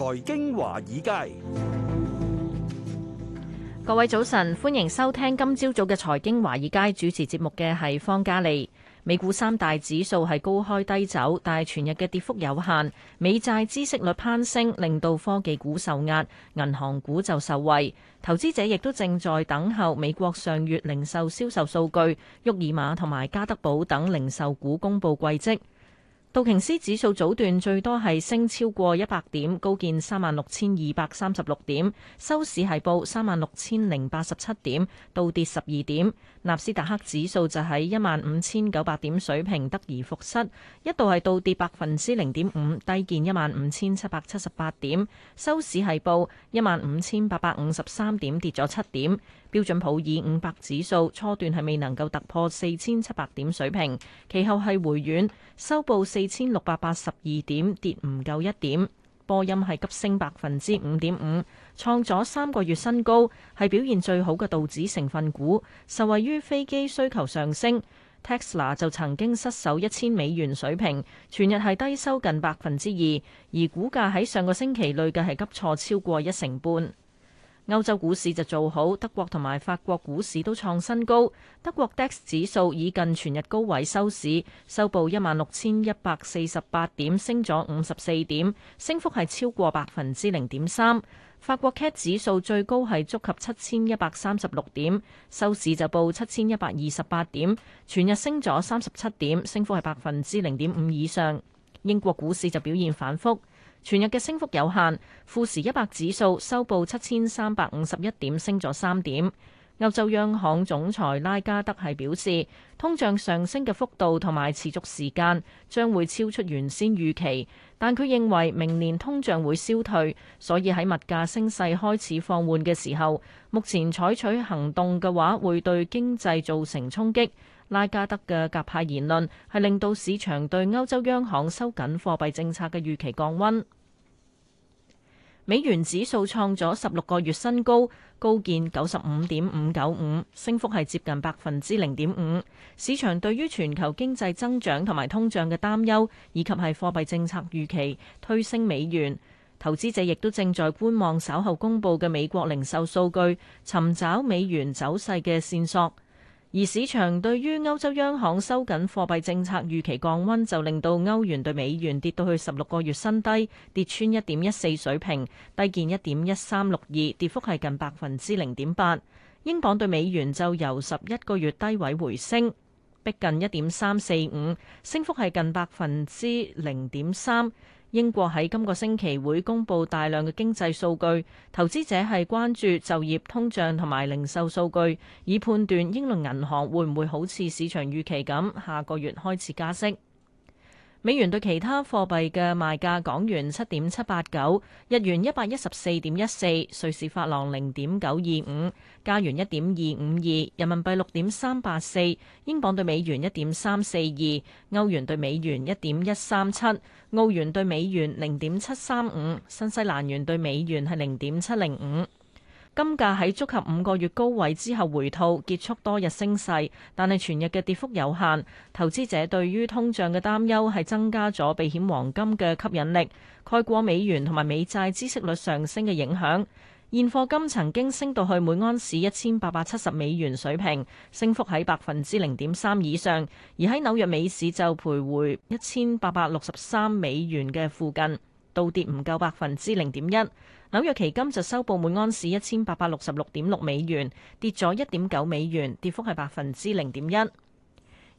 財經華爾街，各位早晨，歡迎收聽今朝早嘅財經華爾街主持節目嘅係方嘉利，美股三大指數係高開低走，但係全日嘅跌幅有限。美債孳息率攀升，令到科技股受壓，銀行股就受惠。投資者亦都正在等候美國上月零售銷售數據，沃爾瑪同埋加德寶等零售股公布季績。道瓊斯指數早段最多係升超過一百點，高見三萬六千二百三十六點，收市係報三萬六千零八十七點，倒跌十二點。納斯達克指數就喺一萬五千九百點水平得而復失，一度係倒跌百分之零點五，低見一萬五千七百七十八點，收市係報一萬五千八百五十三點，跌咗七點。標準普爾五百指數初段係未能夠突破四千七百點水平，其後係回軟，收報四，四千六百八十二點，跌唔夠一點。波音係急升百分之五點五，創咗三個月新高，係表現最好嘅道指成分股，受惠於飛機需求上升。Tesla 就曾經失守一千美元水平，全日係低收近百分之二，而股價喺上個星期累計係急挫超過一成半。歐洲股市就做好，德國同埋法國股市都創新高。德國 DAX 指數，以近全日高位收市，收報一萬六千一百四十八點，升咗五十四點，升幅係超過百分之零點三。法國 CAC 指數最高係觸及七千一百三十六點，收市就報七千一百二十八點，全日升咗三十七點，升幅係百分之零點五以上。英國股市就表現反覆。全日嘅升幅有限，富時一百指數收報七千三百五十一點，升咗三點。歐洲央行總裁拉加德係表示，通脹上升嘅幅度同埋持續時間將會超出原先預期，但佢認為明年通脹會消退，所以喺物價升勢開始放緩嘅時候，目前採取行動嘅話，會對經濟造成衝擊。拉加德嘅鴿派言論係令到市場對歐洲央行收緊貨幣政策嘅預期降溫。美元指數創咗十六個月新高，高見九十五點五九五，升幅係接近百分之零點五。市場對於全球經濟增長同埋通脹嘅擔憂，以及係貨幣政策預期，推升美元。投資者亦都正在觀望稍後公布嘅美國零售數據，尋找美元走勢嘅線索。而市場對於歐洲央行收緊貨幣政策預期降溫，就令到歐元對美元跌到去十六個月新低，跌穿一點一四水平，低見一點一三六二，跌幅係近百分之零點八。英鎊對美元就由十一個月低位回升，逼近一點三四五，升幅係近百分之零點三。英國喺今個星期會公布大量嘅經濟數據，投資者係關注就業、通脹同埋零售數據，以判斷英倫銀行會唔會好似市場預期咁，下個月開始加息。美元對其他貨幣嘅賣價：港元七點七八九，日元一百一十四點一四，瑞士法郎零點九二五，加元一點二五二，人民幣六點三八四，英鎊對美元一點三四二，歐元對美元一點一三七，澳元對美元零點七三五，新西蘭元對美元係零點七零五。金價喺觸及五個月高位之後回吐，結束多日升勢，但係全日嘅跌幅有限。投資者對於通脹嘅擔憂，係增加咗避險黃金嘅吸引力，蓋過美元同埋美債孳息率上升嘅影響，現貨金曾經升到去每安士一千八百七十美元水平，升幅喺百分之零點三以上，而喺紐約美市就徘徊一千八百六十三美元嘅附近，倒跌唔夠百分之零點一。紐約期金就收報每安士一千八百六十六點六美元，跌咗一點九美元，跌幅係百分之零點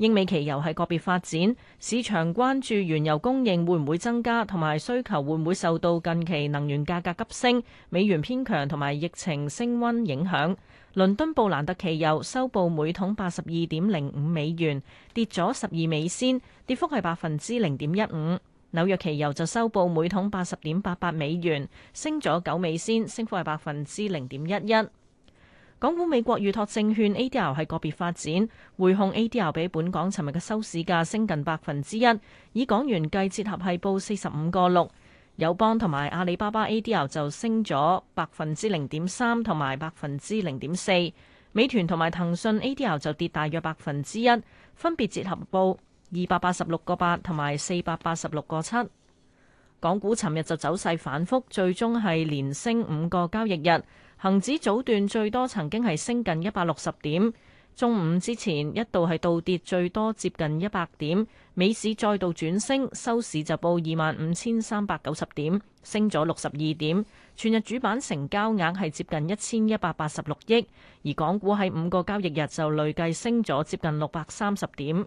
一。英美期油係個別發展，市場關注原油供應會唔會增加，同埋需求會唔會受到近期能源價格急升、美元偏強同埋疫情升温影響。倫敦布蘭特期油收報每桶八十二點零五美元，跌咗十二美仙，跌幅係百分之零點一五。紐約期油就收報每桶八十點八八美元，升咗九美仙，升幅係百分之零點一一。港股美國預託證券 ADR 係個別發展，匯控 ADR 比本港尋日嘅收市價升近百分之一，以港元計折合係報四十五個六。友邦同埋阿里巴巴 ADR 就升咗百分之零點三同埋百分之零點四，美團同埋騰訊 ADR 就跌大約百分之一，分別折合報二百八十六個八同埋四百八十六個七，港股尋日就走勢反覆，最終係連升五個交易日。恒指早段最多曾經係升近一百六十點，中午之前一度係倒跌最多接近一百點。美市再度轉升，收市就報二萬五千三百九十點，升咗六十二點。全日主板成交額係接近一千一百八十六億，而港股喺五個交易日就累計升咗接近六百三十點。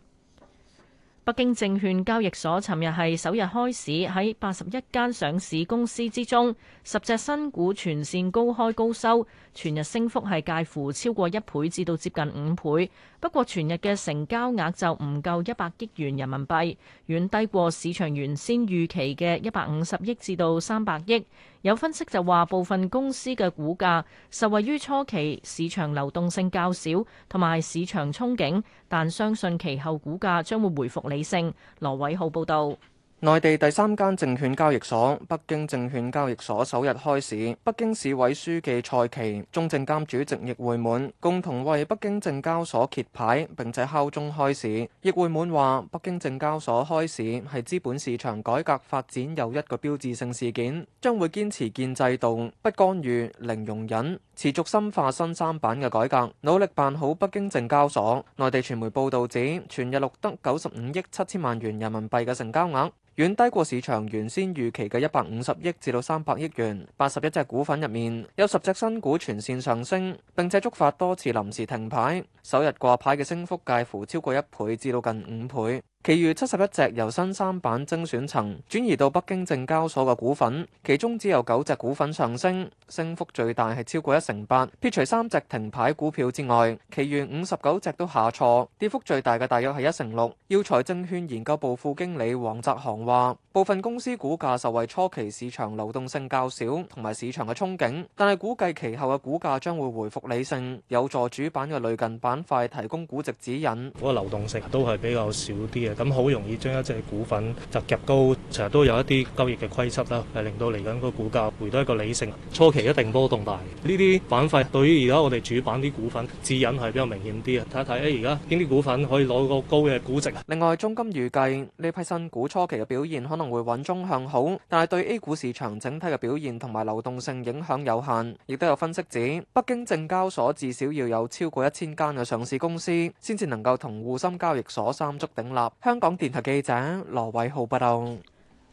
北京證券交易所尋日係首日開市，喺八十一間上市公司之中，十隻新股全線高開高收，全日升幅係介乎超過一倍至到接近五倍。不過全日嘅成交額就唔夠一百億元人民幣，遠低過市場原先預期嘅一百五十億至到三百億。有分析就話，部分公司嘅股價受惠於初期市場流動性較少同埋市場憧憬，但相信其後股價將會回復理性。羅偉浩報導。內地第三間證券交易所北京證券交易所首日開市，北京市委書記蔡奇、中證監主席易會滿共同為北京證交所揭牌並且敲鐘開市。易會滿話：北京證交所開市係資本市場改革發展又一個標誌性事件，將會堅持建制度、不干預、零容忍。持續深化新三板嘅改革，努力辦好北京證交所。內地傳媒報導指，全日錄得九十五億七千萬元人民幣嘅成交額，遠低過市場原先預期嘅一百五十億至到三百億元。八十一隻股份入面，有十隻新股全線上升，並且觸發多次臨時停牌。首日掛牌嘅升幅介乎超過一倍至到近五倍。其餘七十一隻由新三板精選層轉移到北京證交所嘅股份，其中只有九隻股份上升，升幅最大係超過一成八。撇除三隻停牌股票之外，其餘五十九隻都下挫，跌幅最大嘅大約係一成六。耀才證券研究部副經理黃澤航話：部分公司股價受惠初期市場流動性較少同埋市場嘅憧憬，但係估計其後嘅股價將會回復理性，有助主板嘅類近板塊提供估值指引。嗰個流動性都係比較少啲啊。咁好容易將一隻股份就夾高，成日都有一啲交易嘅規則啦，係令到嚟緊個股價回到一個理性。初期一定波動大，呢啲板塊對於而家我哋主板啲股份指引係比較明顯啲嘅。睇一睇，誒而家邊啲股份可以攞個高嘅估值？另外，中金預計呢批新股初期嘅表現可能會穩中向好，但係對 A 股市場整體嘅表現同埋流動性影響有限。亦都有分析指，北京證交所至少要有超過一千間嘅上市公司，先至能夠同滬深交易所三足鼎立。香港電台記者羅偉浩報道：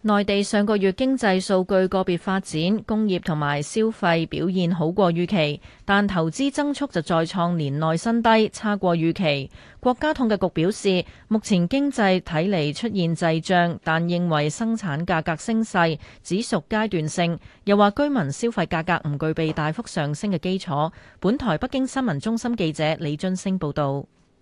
內地上個月經濟數據個別發展，工業同埋消費表現好過預期，但投資增速就再創年內新低，差過預期。國家統計局表示，目前經濟睇嚟出現滯脹，但認為生產價格升勢只屬階段性，又話居民消費價格唔具備大幅上升嘅基礎。本台北京新聞中心記者李津升報道。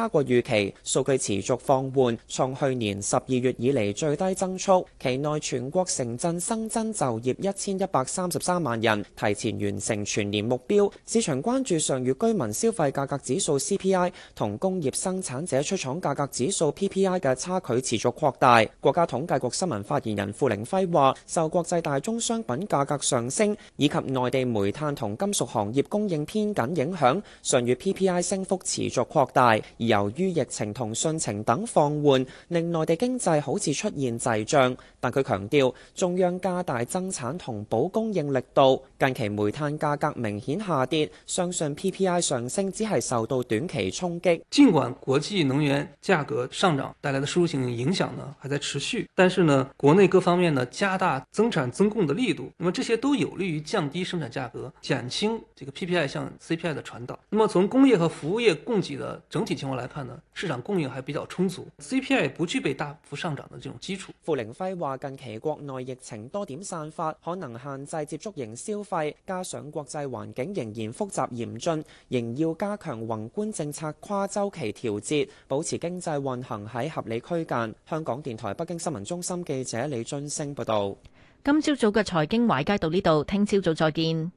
差過預期，數據持續放緩，從去年十二月以嚟最低增速。期內全國城鎮新增就業一千一百三十三萬人，提前完成全年目標。市場關注上月居民消費價格指數 CPI 同工業生產者出廠價格指數 PPI 嘅差距持續擴大。國家統計局新聞發言人傅凌輝話，受國際大宗商品價格上升以及內地煤炭同金屬行業供應偏緊影響，上月 PPI 升幅持續擴大，由於疫情同汛情等放緩，令內地經濟好似出現滯脹。但佢強調中央加大增產同補供應力度。近期煤炭價格明顯下跌，相信 PPI 上升只係受到短期衝擊。儘管國際能源價格上漲帶來的輸入性影響呢還在持續，但是呢國內各方面呢加大增產增供的力度，那麼這些都有利於降低生產價格，減輕這個 PPI 向 CPI 的傳導。那麼從工業和服務業供給的整體情況來看呢，市場供應還比較充足，CPI 不具備大幅上漲的這種基礎。傅凌輝話：近期國內疫情多點散發，可能限制接觸型消費，加上國際環境仍然複雜嚴峻，仍要加強宏觀政策跨周期調節，保持經濟運行喺合理區間。香港電台北京新聞中心記者李俊升報道。今朝早嘅財經華爾街到呢度，聽朝早,早再見。